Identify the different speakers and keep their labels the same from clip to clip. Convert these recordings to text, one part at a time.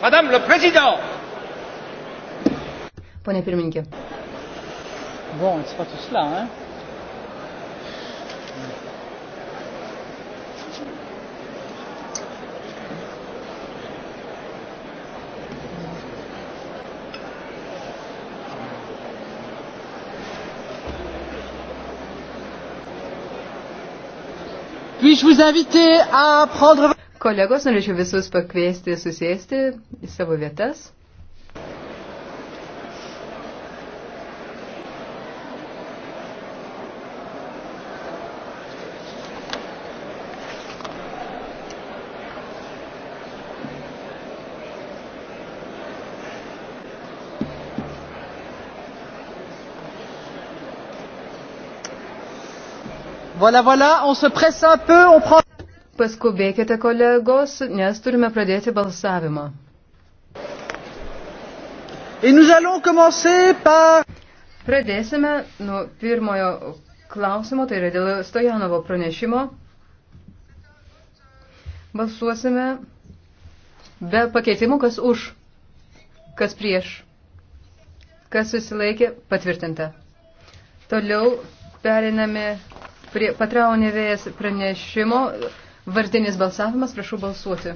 Speaker 1: Madame le Président. Pone pirmininkė. Bon, c'est pas tout cela, hein? puis je vous inviter à prendre Kolegos, norėčiau visus pakviesti susėsti į savo vietas. Voilà, voilà, on se presse un peu, on prend. Paskubėkite, kolegos, nes turime pradėti balsavimą. Par... Pradėsime nuo pirmojo klausimo, tai yra dėl Stojanovo pranešimo. Balsuosime be pakeitimų, kas už, kas prieš, kas susilaikė, patvirtinta. Toliau periname prie patraunėvėjas pranešimo. Vardinis balsavimas, prašau balsuoti.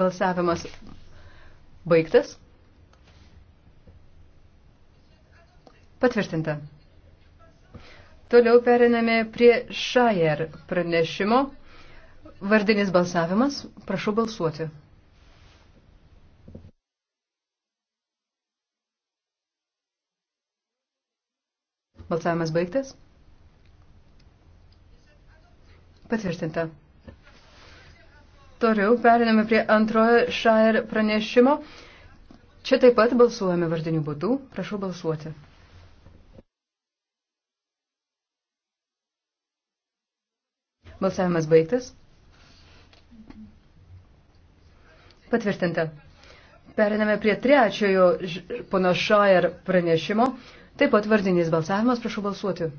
Speaker 1: Balsavimas baigtas. Patvirtinta. Toliau periname prie Šajer pranešimo. Vardinis balsavimas. Prašau balsuoti. Balsavimas baigtas. Patvirtinta. Toriau periname prie antrojo šair pranešimo. Čia taip pat balsuojame vardiniu būdu. Prašau balsuoti. Balsavimas baigtas. Patvirtinta. Periname prie trečiojo pono Šair pranešimo. Taip pat vardinis balsavimas, prašau balsuoti.